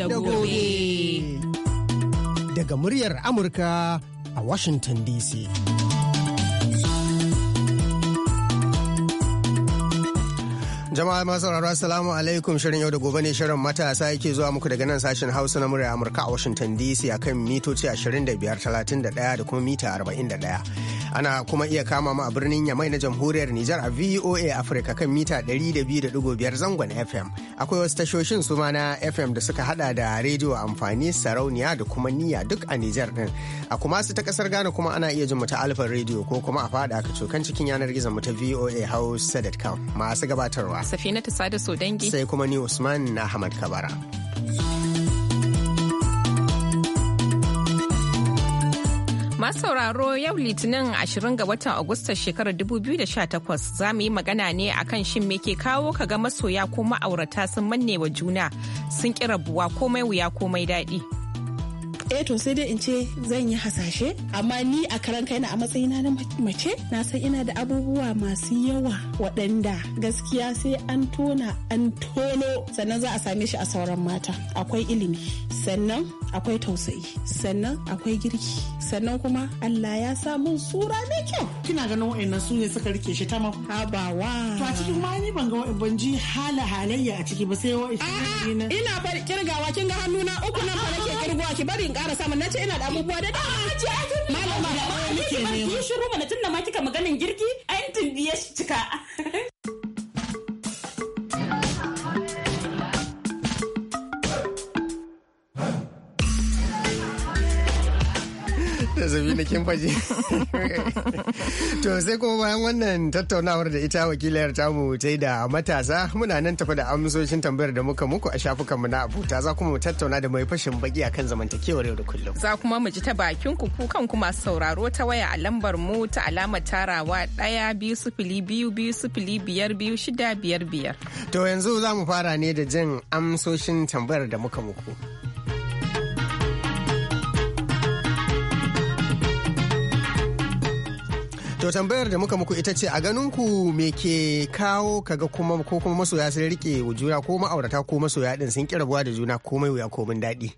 da gobe. Daga muryar Amurka a Washington DC. Jama'a masu sauraro Assalamu alaikum shirin yau da gobe ne shirin matasa yake zuwa muku daga nan sashen Hausa na murya Amurka a Washington DC akan mitoci 25, 31 da kuma mita 41. ana kuma iya kama mu a birnin Yamai na jamhuriyar Nijar a VOA Africa kan mita 200.5 zangon FM. Akwai wasu tashoshin su na FM da suka hada da rediyo amfani sarauniya da kuma niyya duk a Nijar din. A kuma su ta kasar Ghana kuma ana iya jin mu ta Alfa rediyo ko kuma a fada ka cokan cikin yanar gizon mu ta VOA Hausa.com masu gabatarwa. Safina ta sada so dangi. Sai kuma ni Usman na Ahmad Kabara. Masu sauraro yau Litinin 20 ga watan Agusta shekarar 2018 za mu yi magana ne akan shin me ke kawo ka ga masoya ko ma'aurata sun manne wa juna sun ƙi rabuwa komai wuya komai daɗi. eh to sai dai in ce zan yi hasashe amma ni a karan kaina a matsayina na mace na san ina da abubuwa masu yawa waɗanda gaskiya sai an tona an tono sannan za a same shi a sauran mata akwai ilimi sannan akwai tausayi sannan akwai girki sannan kuma Allah ya sa mun sura mai kyau kina ganin wa'annan su ne suka rike shi tamam habawa to a cikin ma ni ban ga ban ji hala halayya a ciki ba sai wa'annan ina bar kirgawa kin ga hannuna uku nan fa nake kirgowa ki bari in yara samun na ce ina da abubuwa da dama ce ah, malama da ma ne ki shiru mana tunda ma kika maganin girki an tun ya cika sabina kin faji to sai kuma bayan wannan tattaunawar da ita wakilayar tamu ta yi da matasa muna nan tafi da amsoshin tambayar da muka muku a shafukanmu na abuta za kuma mu tattauna da mai fashin baki akan zamantakewar yau da kullum za kuma mu ji ta bakin ku ku kan kuma sauraro ta waya a lambar mu ta alamar tarawa ɗaya biyu sifili biyu biyu sifili biyar biyu shida biyar biyar to yanzu za mu fara ne da jin amsoshin tambayar da muka muku. To tambayar da muka muku ita ce a ganin ku me ke kawo kaga kuma ko kuma masoya sun rike wa juna ko ma'aurata ko masoya din sun kirabuwa da juna komai wuya komin daɗi.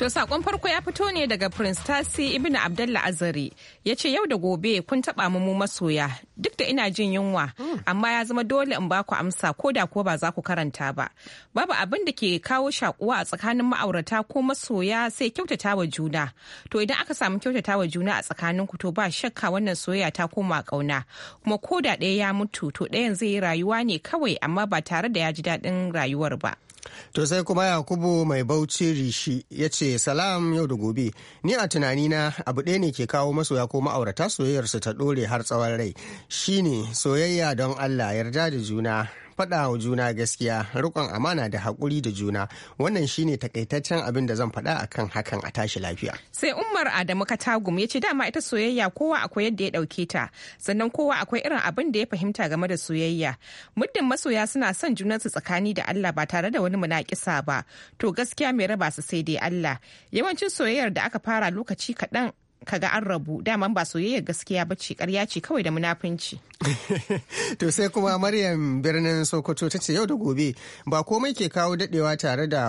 To sakon farko ya fito ne daga Prince Tasi Ibn Abdullah Azari ya ce yau da gobe kun taba mu masoya duk da ina jin yunwa amma ya zama dole in baku amsa ko da kuwa ba za ku karanta ba. Babu abin da ke kawo shakuwa a tsakanin ma'aurata ko masoya sai kyautata wa juna. To idan aka samu kyautata wa juna a tsakanin ku to ba shakka wannan soyayya ta koma kauna kuma ko da ɗaya ya mutu to ɗayan zai yi rayuwa ne kawai amma ba tare da ya ji daɗin rayuwar ba. To sai kuma Yakubu mai bauchi rishi ya ce salam yau da gobe ni a tunani na abu ɗaya ne ke kawo masoya ko ma'aurata soyayyarsu ta ɗore har tsawon rai shine soyayya don Allah yarda da juna faɗa wa juna gaskiya rikon amana da haƙuri da juna wannan shine takaitaccen abin da zan faɗa akan hakan a tashi lafiya sai umar adamu katagum ya ce dama ita soyayya kowa akwai yadda ya ɗauke ta sannan kowa akwai irin abin da ya fahimta game da soyayya muddin masoya suna son junansu tsakani da allah ba tare da wani munaƙisa ba to gaskiya mai raba su sai dai allah yawancin soyayyar da aka fara lokaci kaɗan kaga an rabu dama ba soyayya gaskiya ba ce karya ce kawai da munafunci. to sai kuma maryam birnin sokoto ta ce yau da gobe ba komai ke kawo dadewa tare da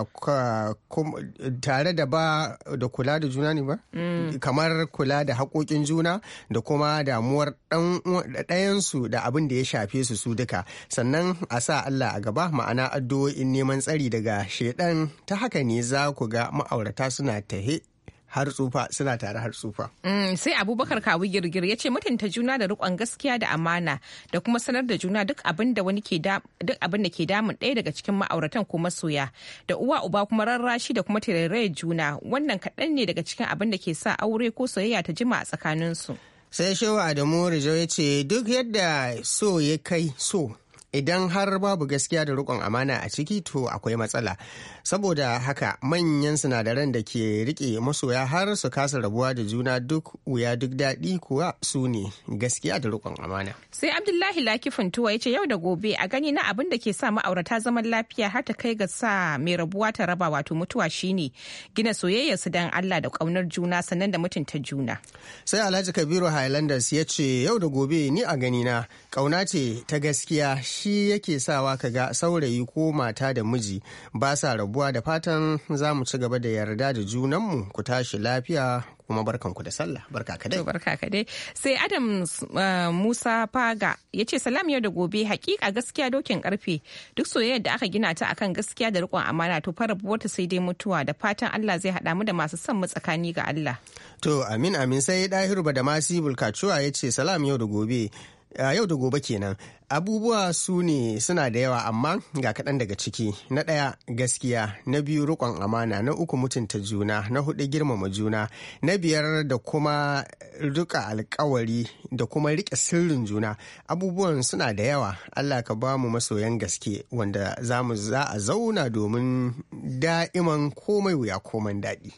tare da ba da kula da juna ne ba mm. kamar kula da haƙoƙin juna da kuma damuwar ɗayansu da abin da ya shafe su su duka sannan a sa allah a gaba ma'ana addu'o'in neman tsari daga shaidan ta haka ne za ku ga ma'aurata suna tahe har tsufa suna tare har tsufa. Mm, sai abubakar kawu girgir ya ce mutunta juna da rikon gaskiya da amana da kuma sanar da juna duk abin da ke damun ɗaya daga cikin ma'auratan ko masoya da uwa uba kuma rarrashi da kuma tarairayar juna wannan kaɗan ne daga cikin abin da ke sa aure ko soyayya ta jima a tsakaninsu. sai shewa adamu rijo ya ce duk yadda so ya kai so idan har babu gaskiya da rikon amana a ciki to akwai matsala saboda haka manyan sinadaran da ke rike masoya har su kasa rabuwa da juna duk wuya duk daɗi kuwa su ne gaskiya da rikon amana sai abdullahi lakifin tuwa ya ce yau da gobe a gani na abin da ke sa ma'aurata zaman lafiya har ta kai ga sa mai rabuwa ta raba wato mutuwa shine gina soyayya su dan allah da ƙaunar juna sannan da mutunta juna sai alhaji kabiru highlanders ya ce yau da gobe ni a gani na ƙauna ce ta gaskiya shi yake sawa ka ga saurayi ko mata da miji ba sa rabuwa da fatan za mu ci gaba da yarda da junanmu ku tashi lafiya kuma barkanku da sallah barka ka dai barka ka dai sai adam uh, musa faga ya ce salam yau da gobe hakika gaskiya dokin karfe duk soyayyar da aka gina ta akan gaskiya da rikon amana to fara ta sai dai mutuwa da fatan allah zai haɗa mu da masu son mu tsakani ga allah to amin amin sai dahiru da masibul bulkacuwa ya ce salam yau da gobe yau da gobe kenan abubuwa su ne suna da yawa amma ga kaɗan daga ciki na ɗaya gaskiya na biyu riƙon amana na uku mutunta juna na hudu girmama juna na biyar da kuma duka alkawari da kuma riƙe sirrin juna abubuwan suna da yawa allah ka ba mu masoyan gaske wanda za mu za a zauna domin da'iman komai wuya komai daɗi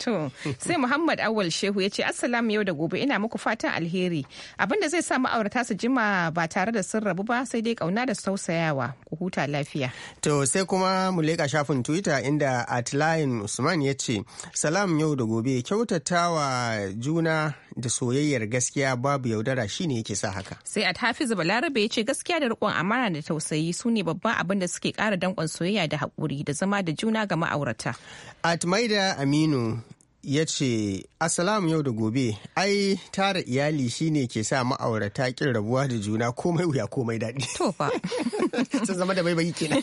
To, sai Muhammad Awal Shehu ya ce, Assalamu yau da gobe ina muku fatan alheri. abinda zai sa ma'aurata su jima ba tare da sun rabu ba sai dai kauna da sausayawa ku huta lafiya. To, sai kuma mu leƙa shafin Twitter inda Atlayin Usman ya ce, Salam yau da gobe kyautatawa juna da soyayyar gaskiya babu yaudara shine yake sa haka. Sai a Hafizu Balarabe ya ce gaskiya da riƙon amana da tausayi su ne babban abin da suke ƙara danƙon soyayya da haƙuri da zama da juna ga ma'aurata. Atmaida Aminu ya ce asalamu yau da gobe ai tara iyali shine ke sa ma'aurata kin rabuwa da juna komai wuya komai daɗi to fa sun zama da baibayi kenan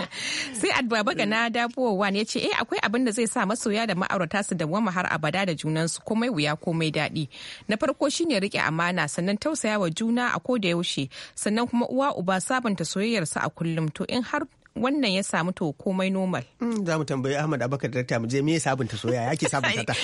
sai adbaba ga na dabuwa ya ce eh akwai abin da zai sa masoya da ma'aurata su da wama har abada da junansu komai wuya komai daɗi na farko shine rike amana sannan tausayawa juna a koda yaushe sannan kuma uwa uba sabunta soyayyarsa a kullum to in har wannan ya samu to komai normal. Mm, za mu tambayi Ahmad Abubakar Dakta mu je me ya sabunta soya ya ke sabunta ta.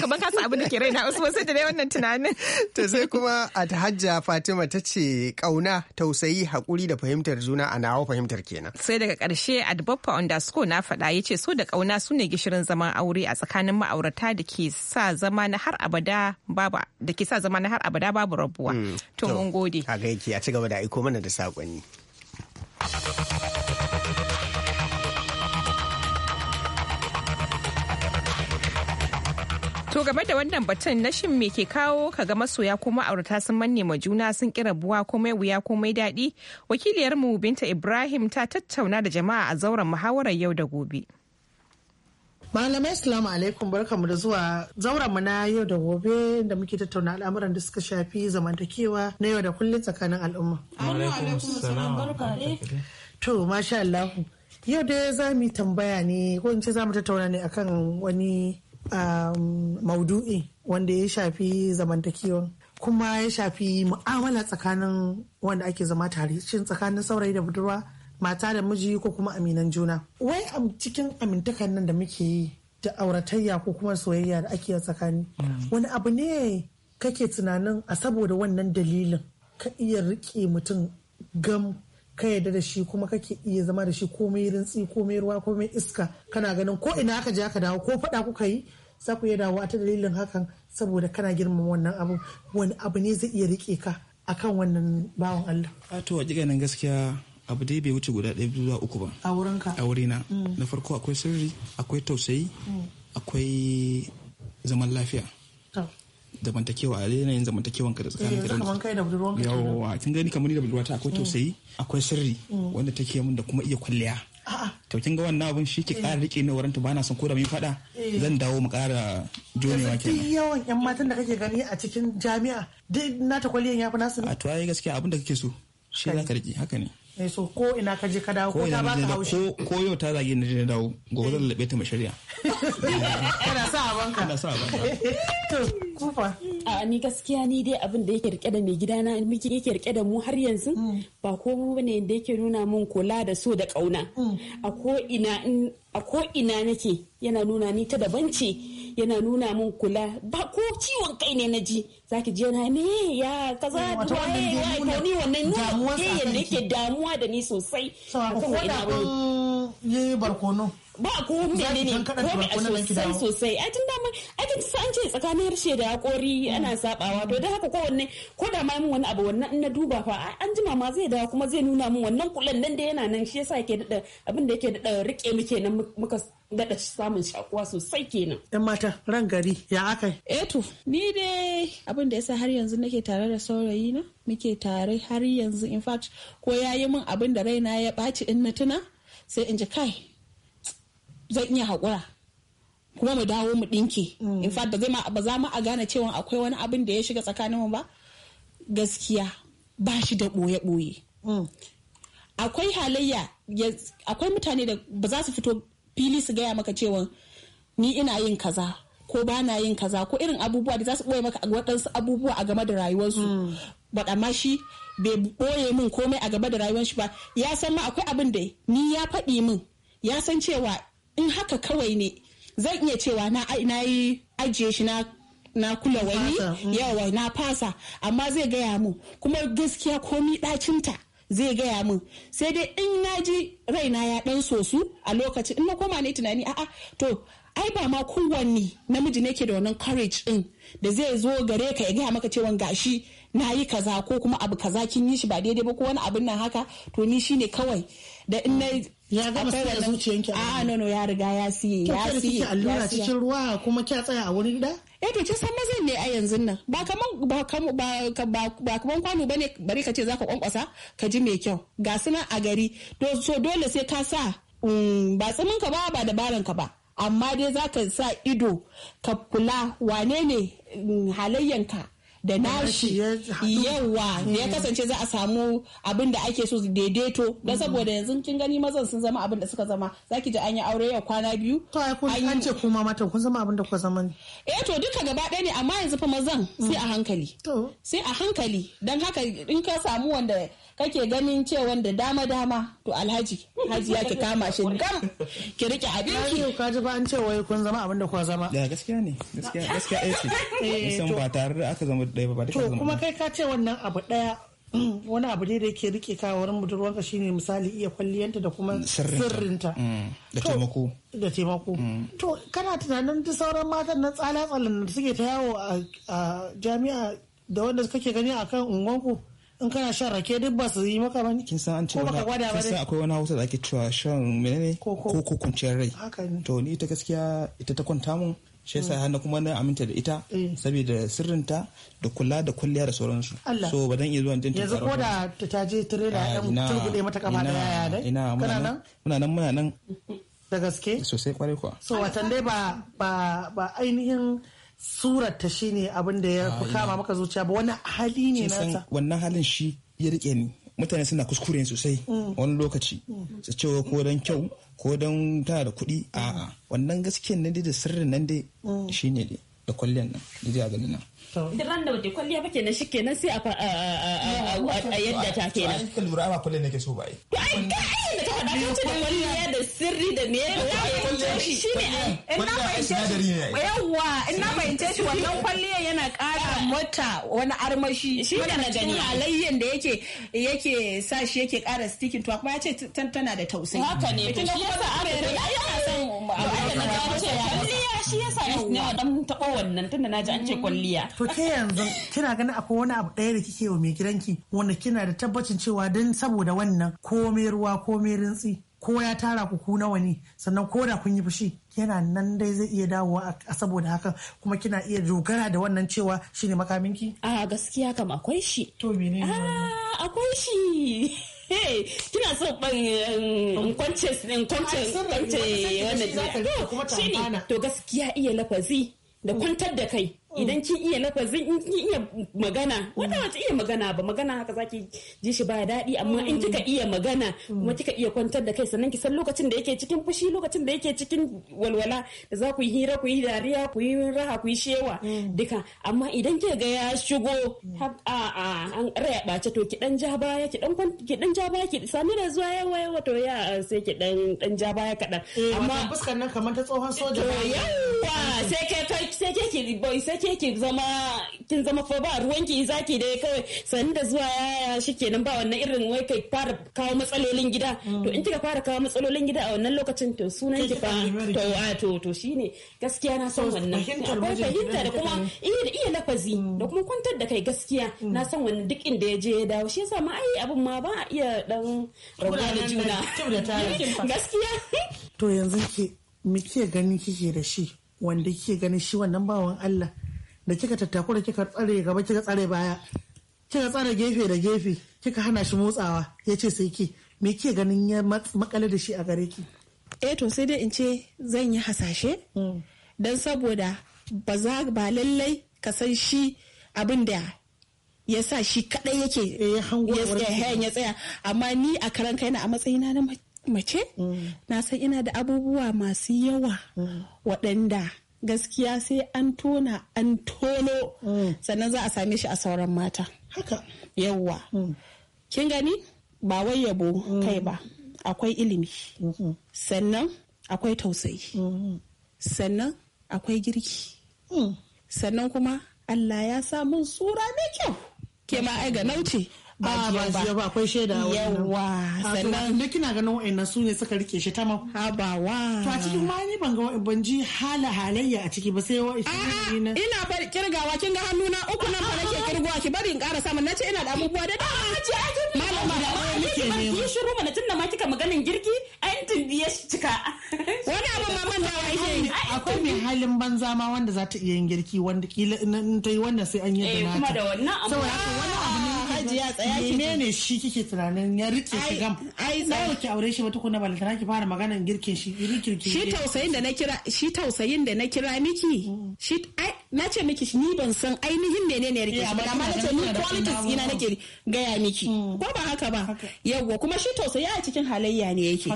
Kamar ka san abin da ke raina wasu sai da wannan tunanin. To sai kuma a hajja Fatima ta ce kauna tausayi hakuri da fahimtar juna a nawa fahimtar kenan. Sai daga karshe Adbappa underscore na faɗa ya ce so da kauna su ne gishirin zaman aure a tsakanin ma'aurata da ke sa zama na har abada babu da ke sa zama na har abada babu rabuwa. Mm, to mun gode. A gaiki a ci gaba da aiko mana da saƙonni. To game da wannan batun na shin me ke kawo ka ga masoya ko ma'aurata sun manne ma juna sun kira buwa komai wuya komai daɗi wakiliyarmu Binta Ibrahim ta tattauna da jama'a a zauren muhawarar yau da gobe. Malamai Assalamu alaikum barkamu da zuwa zauren mu na yau da gobe da muke tattauna al'amuran da suka shafi zamantakewa na yau da kullum tsakanin al'umma. To masha Allah. Yau dai za mu tambaya ne ko in ce za mu tattauna ne akan wani Um, maudu'i wanda ya shafi zamantakewa kuma ya shafi mu'amala tsakanin wanda ake zama tare shin tsakanin saurayi da budurwa mata da miji ko kuma aminan juna wai a cikin amintakan nan da muke yi da auratayya ko kuma soyayya da ake yi tsakani mm. wani abu ne kake tunanin a saboda wannan dalilin ka iya rike mutum gam ka yarda da shi kuma kake iya zama da shi komai rintsi komai ruwa komai iska kana ganin ko ina aka je aka dawo ko faɗa kuka yi za ku iya dawo ta dalilin hakan saboda kana girmama wannan abu wani abu ne zai iya rike ka akan wannan bawan Allah. A to hakikanin gaskiya abu dai bai wuce guda ɗaya zuwa uku ba. A wurinka? A wurina. Mm. Na farko akwai sirri, akwai tausayi, mm. akwai zaman lafiya. zamantakewa a yanayin zamantakewan ka da tsakanin gidan eh, kai da yawa kin gani kamar ni da budurwata akwai mm. tausayi akwai sirri mm. wanda take mun da kuma iya kwalliya to kin ga wannan abin shi ke eh. ƙara rike ni waranta bana son koda mun fada eh. zan dawo mu ƙara jonewa kenan duk yawan yan matan da kake gani a cikin jami'a duk na kwalliyan ya fi nasu ne a to ai gaskiya abin da kake so shi za ka rike haka ne Eh, so ko ina ka je ka dawo ko ta baka haushi ko yau ta zage ni da dawo gobe zan labe ta mai shari'a kana sa abin ka kana sa abin to kufa a ni gaskiya ni dai abin da yake rike da mai na miki yake rike da mu har yanzu mm. ba ko bane da yake nuna mun kula da so da kauna mm. a ko ina a ko ina nake yana nuna ni ta daban ce yana nuna mun kula ba ko ciwon kai ne na ji za ki ji yana ne ya kaza waye eh, ya to ni wannan nuna eh, ke yadda yake damuwa da ni sosai akan wani yi barkono ba ko mene ne ko a sosai sosai ai tun dama ai tun san an ce tsakanin harshe da hakori ana hmm. sabawa to da haka kowanne ko da ma mun wani abu wannan in na duba fa an jima ma zai dawo kuma zai nuna mun wannan kulan nan da yana nan shi yasa yake dada abin da yake dada rike muke nan muka daɗa samun shakuwa sosai kenan. Yan mata ran gari ya aka Eto eh ni dai abin da yasa har yanzu nake tare da saurayi na muke tare har yanzu in fact ko ya yi min abin da raina ya ɓaci in na tuna sai in ji kai zan iya haƙura kuma mu dawo mu ɗinke. Mm. In fact ba za mu a gane cewa akwai wani abin da ya shiga tsakaninmu ba gaskiya ba shi da ɓoye-ɓoye. Mm. akwai halayya akwai mutane da ba za su fito fili su gaya maka cewa ni ina yin kaza ko ba na yin kaza ko irin abubuwa da za su boye maka waɗansu abubuwa a game da rayuwarsu hmm. ba amma shi bai boye min komai a game da rayuwarsu ba ya san ma akwai abin da ni ya faɗi min ya san cewa in haka kawai ne zan iya cewa na na yi ajiye shi na na kula wani hmm. yawa na fasa amma zai gaya mu kuma gaskiya komi ɗacinta zai gaya min sai dai in na ji raina ya dan sosu a lokacin in na koma ne tunani a'a to ai ba ma kowanne namiji ne ke da wannan courage din da zai zo gare ka ya gaya maka cewa gashi na yi kaza ko kuma abu kaza kin yi shi ba daidai ba ko wani abin nan haka to ni shine kawai da in na ya gama sai da zuciyanki A'a no no ya riga ya siye ya siye allura cikin ruwa kuma kya tsaya a wurin da ya eh, ce san mazan ne a yanzu nan ba kaman ba ba kaman kwano bane bari ka ce zaka kwankwasa ka ji mai kyau ga suna a gari so dole sai ka sa mm, ba tsimin ka ba ba dabaran ka ba amma dai zaka sa ido ka kula wane ne mm, halayyanka da nashi yawa da ya eh. kasance za a samu abin da ake so daidaito don mm-hmm. saboda yanzu kin gani mazan sun zama abin da suka zama zaki ji an yi aure yau kwana biyu to ai kun an ce kuma mata kun zama abin da kuka zama ne eh to duka gaba ɗaya ne amma yanzu fa mazan sai a mm. hankali sai a hankali don haka in ka samu wanda kake ganin ce da dama dama to alhaji haji ya ki kama shi gam ki rike abin ki ka ji ba an ce wai kun zama abin da kuwa zama da gaskiya ne gaskiya gaskiya ce eh, san ba tare da aka zama ɗaya ba to kuma kai ka ce wannan abu ɗaya wani abu ne da yake rike kawarin budurwanka shine misali iya kwalliyanta da kuma sirrinta mm, da taimako da taimako mm. to kana tunanin duk sauran matan na tsala tsalin da suke ta yawo a jami'a da wanda kake gani akan unguwanku in kana shan rake duk ba su yi maka bane kin san an ce ko baka gwada ba akwai wani hausa da ake cewa shan menene ko ko kunciyar rai to ni ita gaskiya ita ta kwanta mun shi yasa mm. hannu kuma na aminta da ita eh. saboda sirrinta da kula da kulliya da sauransu so ba dan iya zuwa jin yanzu ko da ta je tirela ah, ɗan turbuɗe mata kama da yaya dai ina muna nan muna nan muna nan da gaske sosai kwarai kuwa so watan dai ba ba ainihin surar ta shi abin da ya fi kama maka zuciya ba wani hali ne nata wannan halin shi ya rike ni mutane suna kuskure sosai wani lokaci su ce ko dan kyau ko dan tana da kuɗi a'a wannan gaskiyan nan da sirrin nan dai shine dai da kwalliyar nan da a ganin nan. da ran da wata kwalliya ba kenan shikenan sai a yadda ta kenan. Ai ka lura ba kwalliyar ke so ba ai. Ai faɗa ka da fahimce shi in na fahimce shi wannan kwalliya yana ƙara ah. mata wani armashi shi ne na gani halayyan da yake yake sa shi yake ƙara stikin to kuma ya ce tana da tausayi haka ne to shi yasa aka yana son na gano cewa shi yasa yau na dan taɓa wannan tunda naji an ce mm. kwalliya. To ke yanzu kina ganin akwai wani abu ɗaya da kike wa mai gidanki wanda kina da tabbacin cewa dan saboda wannan komai ruwa komai rintsi ko ya tara ku ku nawa ne sannan ko da kun yi fushi yana nan dai zai iya dawowa a saboda hakan kuma kina iya dogara da wannan cewa shine makaminki a gaskiya kam akwai shi to menene ah, akwai shi kina so ban kwance kwance kwance wannan to gaskiya iya lafazi da kwantar da kai Mm. idan kin iya lafazin in kin iya magana wata mm. wace iya magana ba magana haka zaki ji shi ba daɗi amma in mm. kika iya magana kuma kika iya kwantar da kai sannan ki san lokacin da yake cikin fushi lokacin da yake cikin walwala da za ku yi hira ku yi dariya ku yi raha ku yi shewa duka amma idan kika ga ya shigo a a an raya bace to ki dan ja baya ki dan ki dan ja baya ki sami da zuwa yawa yawa to ya sai ki dan dan ja baya kadan eh, amma fuskar nan kamar ta tsohon soja yawa sai ke sai ke ki boy sai ke ki zama kin zama fa ba ruwan ki zaki dai kawai sanin da zuwa yaya shikenan ba wannan irin wai kai fara kawo matsalolin gida mm. to in kika fara kawo matsalolin gida a wannan lokacin to sunan ki fa to to to shine gaskiya na san wannan akwai fahimta da kuma iya da iya lafazi mm. da kuma kwantar da kai gaskiya mm. na san wannan duk inda ya je ya dawo shi yasa ma ai abin ma ba a iya dan rabuwa da juna gaskiya to yanzu ke me kike gani kike da shi wanda kike ganin shi wannan bawan Allah da kika tattakura kika tsare gaba kika tsare baya kika tsare gefe da gefe kika hana shi motsawa ya ce sai ki me ke ganin ya makale da shi a gare ki eh to sai dai in ce zan yi hasashe hmm. dan saboda ba za ba lallai ka san shi abin da ya sa shi kadai yake eh, ya tsaya amma ni a karan kaina a matsayina na mace hmm. na san ina da abubuwa masu yawa hmm. waɗanda gaskiya sai an tona an tono mm. sannan za a same shi a sauran mata haka yawwa mm. kin gani ba wai yabo mm. kai ba akwai ilimi sannan akwai tausayi sannan akwai girki sannan kuma allah ya samun sura mai kyau ke ma ai ga nauce ba ba ziyo ba akwai shaida yawa sannan da kina ganin wa'annan su ne suka rike shi ta ma habawa to a cikin ma ni ban ga ban ji hala halayya a ciki ba sai wa ina ina bari kirgawa kin ga hannuna uku nan fa nake kirgowa ki bari in ƙara samun nace ina da abubuwa da dama malama da wani nake nema ki shiru mana tunda ma kika maganin girki ai tun ya cika wani abu ma man dawa yake akwai mai halin banza ma wanda za ta iya yin girki wanda kila in ta yi wannan sai an yi da eh, nata saboda haka wani abu ne hajiya tsaya ki ne ne shi kike tunanin ya rike shi gam ai yau ki aure shi ba tukuna balantana ki fara magana girkin shi girkin ki shi tausayin da na kira shi tausayin da na kira miki shi ai na ce miki ni ban san ainihin menene rike eh, shi ba amma na ce ni qualities ina nake gaya miki hmm. ko ba haka ba yawwa kuma shi tausayi a cikin halayya ne yake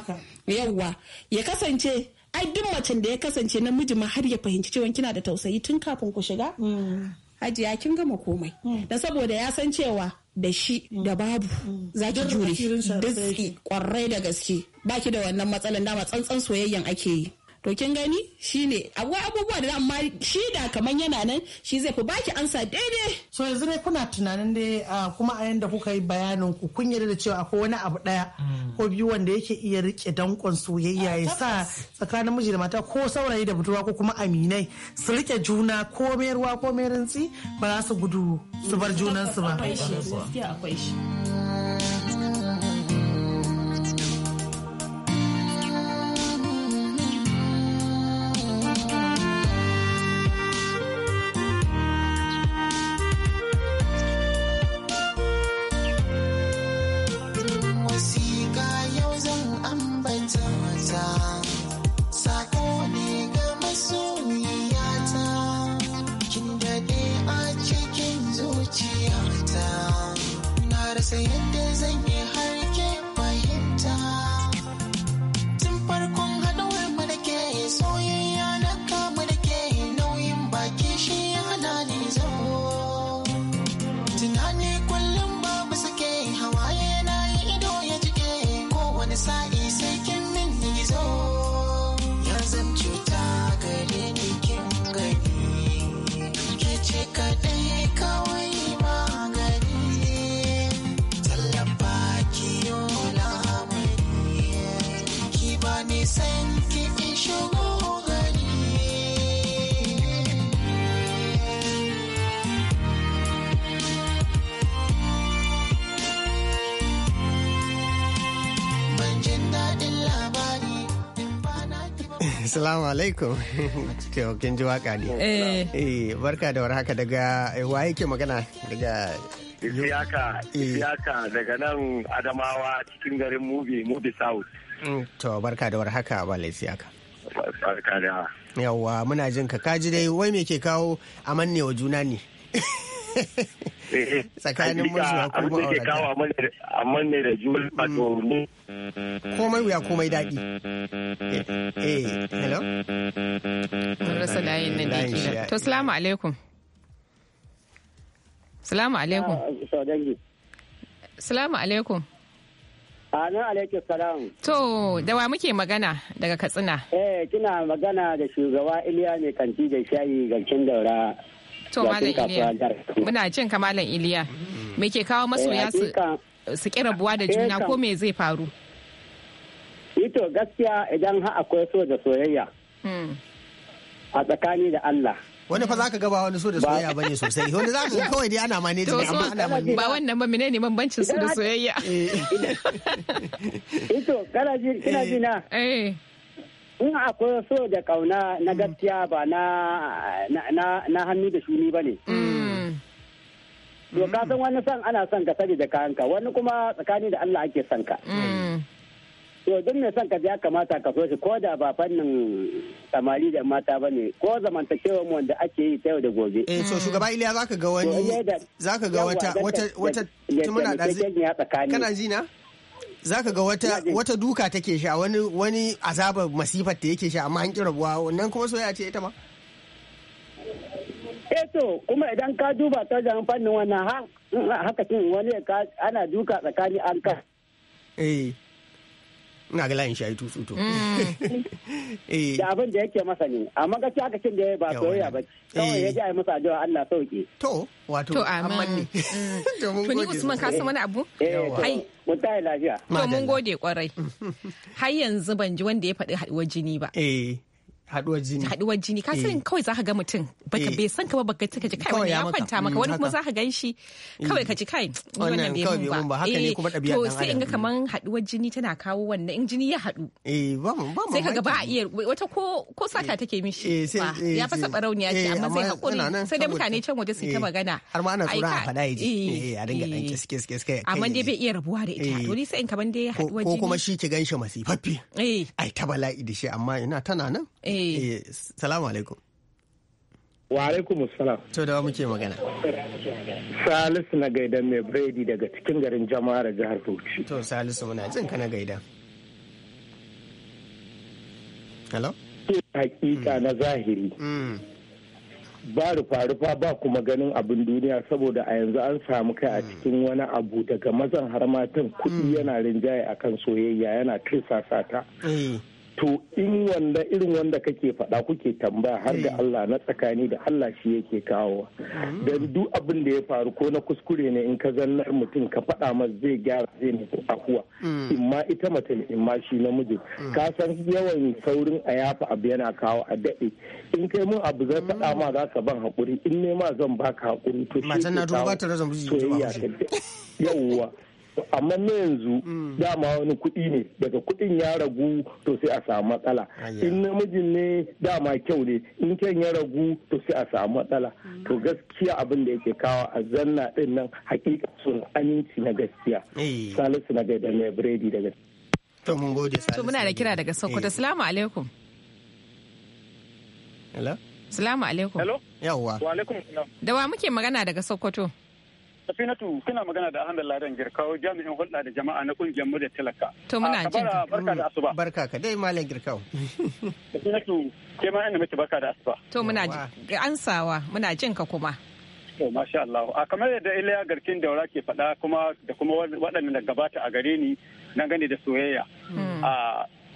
yawwa ya kasance ai duk macen da ya kasance namiji ma har ya fahimci cewa kina da tausayi tun kafin ku shiga hmm. hajiya kin gama komai hmm. da saboda ya san cewa da shi mm. da babu mm. za ki jure dutse kwarai da gaske baki da wannan matsalan dama tsantsan soyayyan ake yi to kin gani shine akwai abubuwa da amma shi da kaman yana nan shi zai fi baki ansa daidai so yanzu ne kuna tunanin dai kuma a yadda kuka yi bayanin ku kun yarda da cewa akwai wani abu daya mm. ko biyu wanda yake iya rike dankon soyayya ah, ya sa tsakanin miji da mata ko saurayi da budurwa ko kuma aminai su rike juna ko meruwa ko mai rintsi ba za su gudu su bar junansu ba akwai shi rasa yadda zan yi Assalamu alaikum. To kin ji waka ne. Eh. eh. barka da haka daga eh, wa yake magana daga Isiyaka, eh. Isiyaka daga nan Adamawa cikin garin Mubi, Mubi South. Mm, to barka da warhaka Bala Isiyaka. Barka da. Yawwa muna jin ka kaji dai wai me ke kawo amanne wa juna ne. Eh, tsakanin mazuwa ko ma'aurata amma ne da juna mm. wato ne komai wuya komai daɗi eh, eh hello mun rasa layin nan da to salamu alaikum salamu alaikum ah, salamu alaikum Amin alaikum salam. To, da wa muke magana daga Katsina? Eh, kina magana da shugaba Iliya mai kanti da shayi garkin daura To Malam Iliya. Muna cin ka Malam Iliya. Me ke kawo eh, masoya su ki rabuwa da eh, juna ko me zai faru? Ito gaskiya idan ha akwai so da soyayya. Hmm. A tsakani da Allah. wani fa zaka gaba wani so da soyayya bane sosai wani za ka kawai dai ana mane ne amma ana mane. ba wannan ba menene bambancin su da soyayya ito kana ji kina ji na eh, eh. in akwai so da kauna na mm. gaskiya ba na hannu da shuni ba ne mm. ka san wani san ana son ka sani da kayanka wani kuma tsakani da Allah ake son ka mm. to duk mai son ka ya kamata ka so shi ko da ba fannin samari da mata ba ne ko zamantakewar wanda ake yi ta yau da gobe. Eh so shugaba Iliya zaka ga wani eh, zaka ga wata wata tumuna da kana ji za ka ga wata duka take sha wani wani azabar masifar ta yake sha amma an kira buwa wannan kuma soyayya ce ita ma Eto eh to kuma idan ka duba ta ga fannin wannan haka cin wani ana duka tsakani an ka eh. ina ga layin shayi tutu to mm. eh. da abin da yake masa ne amma gaci aka cin da ba soyayya ba kawai ya eh. ji yi masa addu'a Allah sauki. to wato ne mm. to mun gode Usman ka mana abu eh, ai mun yi lafiya to mun gode kwarai har yanzu ban ji wanda ya faɗi haɗuwar jini ba eh haduwar jini haduwar jini ka san eh. kawai zaka ga mutum baka eh. bai san ka ba baka take ji kai wani ya kwanta mm, maka wani kuma zaka gan shi kawai ka ji kai wannan bai mun ba haka ne eh, kuma to sai in ga kaman haduwar jini tana kawo wannan in jini ya hadu eh ba mu ba mu sai kaga ba a iya wata ko ko sata take mishi ya fasa barauniya ce amma sai hakuri sai da mutane can waje su ta magana har ma ana tura a fada yaji eh a dinga dan kiske kiske kiske amma dai bai iya rabuwa da ita to ni sai in kaman dai haduwar jini ko kuma shi ki gan shi masifaffe eh ai ta bala'i da shi amma ina tana nan eh Eh, salamu alaikum. Wa alaikum salam. To da muke magana. Salisu na gaida mai biredi daga cikin garin jama'ar jihar Bauchi. To Salisu muna jin kana gaida. Hello? Hakika na zahiri. Mm. Ba rufa-rufa ba kuma ganin abin duniya saboda a yanzu an samu kai a mm. cikin wani abu daga mazan har matan kuɗi mm. yana rinjaye akan soyayya yana tirsasa ta. Eh. to in wanda irin wanda kake faɗa kuke tambaya har da eh. Allah na tsakani da Allah shi yake kawo mm. da duk abin da ya faru ko na kuskure ne in ka zannar mutum ka faɗa masa zai gyara zai ne akuwa. Mm. in ma ita mace in ma shi namiji mm. ka san yawan saurin a yafa abu yana kawo a daɗe in kai mun abu zai faɗa ma za ka ban haƙuri in ne ma zan baka haƙuri to shi ke kawo soyayya yawwa amma na yanzu mm. dama wani kuɗi ne daga kuɗin ya ragu to sai a samu matsala ah, in namijin ne dama kyau ne in kyan ya ragu to sai a samu matsala mm. to gaskiya abin da yake kawo a zanna ɗin nan hakika sun aminci na gaskiya eh. salisu na gaida mai biredi daga to mun gode salisu to muna da kira daga sokoto eh. alaikum hello alaikum hello yawwa wa alaikum da wa muke magana daga sokoto safinatu kina magana da ahmed ladan girkawo jami'in hulɗa da jama'a na kungiyar mu da talaka to muna jin ka barka da asuba barka ka dai malam girkawo safinatu ke ma ina miki barka da asuba to muna ansawa muna jin ka kuma to masha Allah a kamar yadda Iliya Garkin Daura ke faɗa kuma da kuma waɗanda gabata a gare ni na gani da soyayya hmm.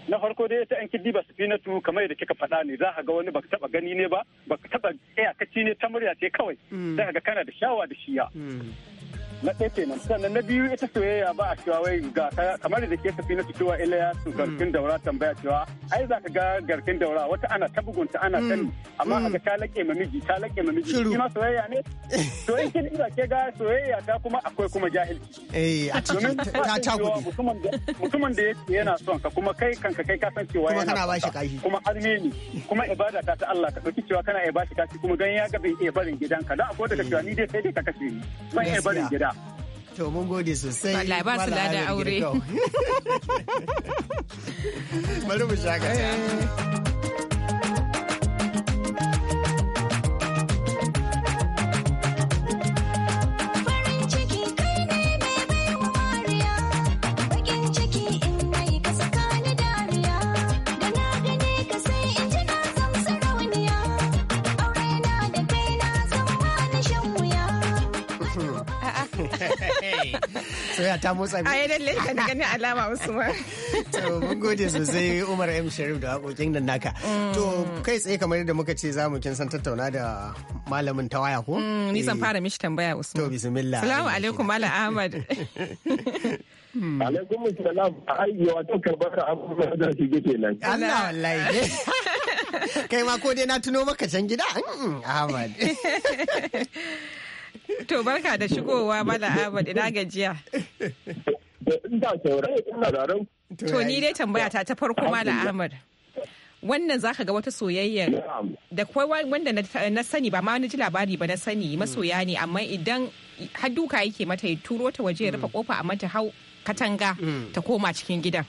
na farko dai ta yan kiddi ba su tu kamar yadda kika faɗa ne za ka ga wani baka taɓa gani ne ba baka taba iyakaci ne ta murya ce kawai mm. za ka ga kana da shawa da shiya mm. na ɗaya kenan sannan na biyu ita soyayya ba a cewa wai ga kamar da ke tafi na fitowa ilaya su hmm. garkin daura tambaya cewa ai za ka ga garkin daura wata ana ta bugunta ana ta hmm. amma kaga ta hmm. laƙe ma miji ta laƙe ma miji shi ma soyayya ne to in kin ina ke ga soyayya ta kuma akwai kuma jahilci eh a cikin ta ta gudu mutumin da yake yana son ka kuma kai kanka kai ka san cewa yana kana bashi kashi kuma armeni kuma ibada ta ta Allah ka dauki cewa kana iya bashi kashi kuma gan ya ga bai iya barin gidanka dan akwai daga eh. cewa ni dai sai dai ka kashe ni ban iya barin gida To mun gode sosai. Ba su lada aure. Bari mu shakata. Eh. soya ta motsa A yadda lalle na gani alama Usman to mun gode sosai Umar M Sharif da hakokin nan naka mm. to kai tsaye kamar yadda muka ce za mu kin san tattauna da malamin tawaya ko mm, ni san eh. fara mishi tambaya Usman to bismillah Salamu alaikum Malam Ahmad hmm. alaikum salam ayyo ta karbar abubuwa da shi gike nan Allah wallahi kai ma ko dai na tuno maka can gida mm, Ahmad To barka da shigowa Mala Ahmad ina gajiya. To ni dai tambaya ta ta farko Mala Ahmad. Wannan zaka ga wata soyayya da kwai wanda na sani ba ma na ji labari ba na sani masoya ne amma idan har duka yake mata ya turo ta waje ya rufe kofa a mata hau katanga mm. ta koma cikin gidan.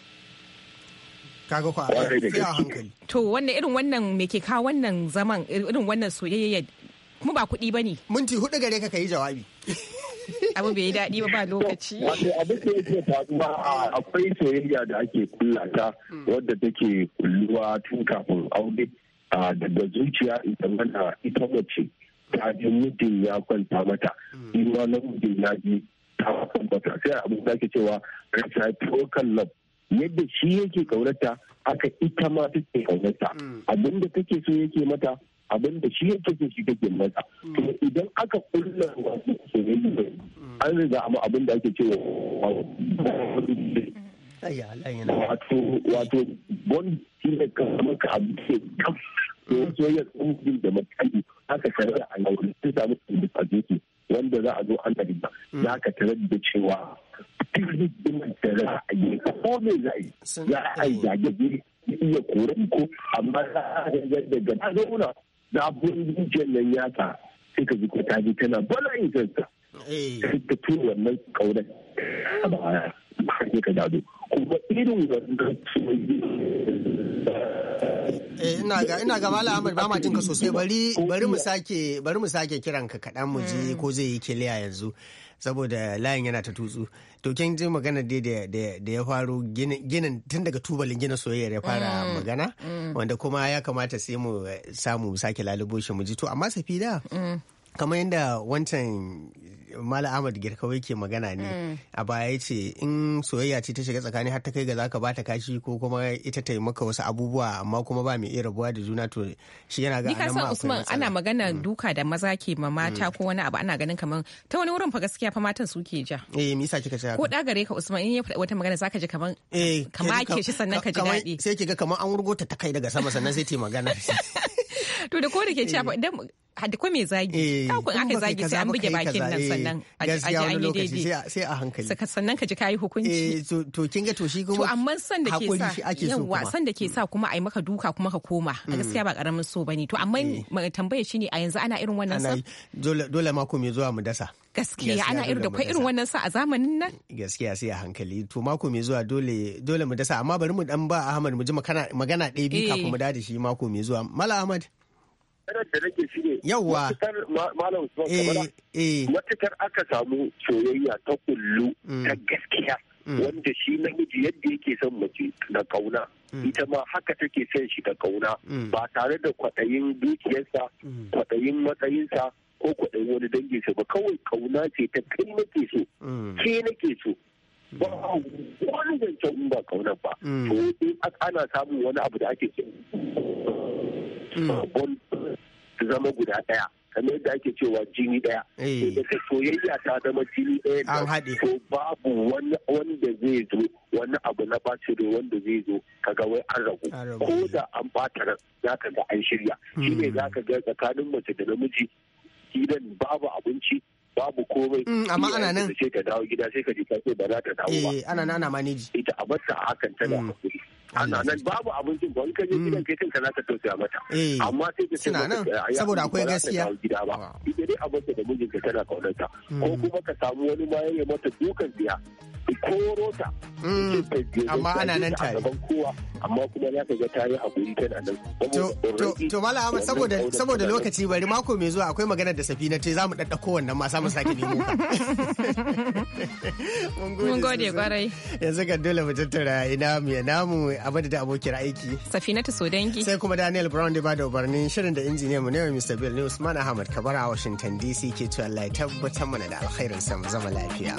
kaga ko a hankali to wannan irin wannan me ke kawo wannan zaman irin wannan soyayya mu ba kuɗi ba ne. Minti hudu gare ka yi jawabi. Abu bai yi daɗi ba ba lokaci. Wato abin da yake faruwa akwai soyayya da ake kullata wadda take kulluwa tun kafin aure daga zuciya ita mana ita mace ta ji mutum ya kwanta mata. Hmm. Iwa na mutum ya ji ta kwanta sai abin da ake cewa reciprocal lab yadda shi yake kaunata haka ita ma take kaunata hmm. abinda take so yake mata abin da shi kake shi kake maza to idan aka kulla wasu soyayya an riga amma abin da ake cewa wato wato bond shi ne kamar ka abu ke kam soyayya tsohon da matsayi aka karɓa a yau su samu da fajeti wanda za a zo an ba mm. za ka tarar da cewa ɗin da za a yi ko me za a yi za a yi zage iya koren ko amma za a ga daga na zauna sabon dukiyar nan ya ka sai ka ji ko ta ji tana bala'in eh. sai ta tura wannan kaunar ba ba ka dado kuma irin wannan yi Eh, ina ga ina ga Ahmad ba ma ka sosai bari bari mu sake bari mu sake kiran ka kaɗan mu ko zai yi kiliya yanzu saboda layin yana ta tutsu to kin ji magana dai da ya faro ginin tun daga tubalin gina soyayyar ya fara mm, magana mm. wanda kuma ya kamata sai mu samu sake lalubo shi mu ji to amma safida mm. kamar yadda wancan Mala Ahmad Girkawai ke magana ne mm. a baya ya ce in soyayya ce ta shiga tsakani har ta kai ga zaka bata kashi ko kuma ita ta maka wasu abubuwa amma kuma ba mai iya rabuwa da juna to shi yana ga anan ma Usman ana magana mm. duka da maza ke ma mata mm. ko wani abu ana ganin kamar ta wani wurin fa gaskiya fa matan suke ja. Eh me yasa kika ce Ko da gare ka Usman in ya faɗa wata magana zaka ji kamar eh, kamar ke shi sannan ka ji daɗi. Sai kika kamar an wurgo ta ta kai daga sama sannan sai ta magana. To da ko da ke eh. cewa idan hadi ko me zagi eh, ko aka zagi sai an buge bakin nan eh, sannan gaskiya wani lokaci sai a hankali sannan ka ji kai hukunci eh, to kin ga to shi kuma to amma san da ke sa yawa san da ke sa mm. kuma ai maka duka kuma ka koma a mm. gaskiya ba karamin so bane to amma tambaya shine a yanzu ana irin wannan sa dole mako mai zuwa mu dasa gaskiya ana irin da kwai irin wannan sa a zamanin nan gaskiya sai a hankali to mako mai zuwa dole dole mu dasa amma bari mu dan ba Ahmad mu ji magana ɗaya biyu kafin mu da shi mako mai zuwa Mala Ahmad maganar da nake shi ne yawa malam eh, eh. matukar aka samu soyayya ta kullu mm. ta gaskiya mm. wanda shi namiji yadda yake son mace da kauna mm. ita ma haka take son shi da kauna ba tare da kwaɗayin dukiyarsa kwaɗayin matsayinsa ko kwaɗayin wani sa ba kawai kauna ce ta kai nake so ke nake so ba wani zancen ba kauna ba to ana samun wani abu da ake so Mm. zama guda daya kamar yadda ake cewa jini daya eh. daga soyayya ta zama jini daya da ko babu wanda zai zo wani abu na bacire wanda zai zo kaga wai an ragu ko da an bata nan zaka ga an shirya Shi za zaka mm. ga tsakanin mace da namiji idan babu abinci babu komai mm, amma ana nan sai dawo gida sai ka ji ka ce ba za ta dawo ba eh, ana nan ana maniji ita a hakan tana hakuri ana nan babu abincin ba in ka je mm. gidan kai kanka za ka tausaya mata eh, amma sai ta ce nan saboda akwai gaskiya gida ba ita dai abinta da mijinka tana ta. ko mm. kuma ka samu wani ma ya mata dukan biya koro ta mm, amma ana nan tare amma kuma za ka ga tare a guri tana nan to mala amma saboda lokaci bari mako mai zuwa akwai magana da safina za mu dadda kowannan ma samu sake nemo mun gode kwarai yanzu ga dole mu tattara ina mu ya namu a madadin abokin aiki safina ta sodangi sai kuma daniel brown da bada ubarnin shirin da injiniya mu ne mai mr bill ne usman ahmad kabara a washington dc ke cewa Allah ya tabbatar mana da alkhairin sa zama lafiya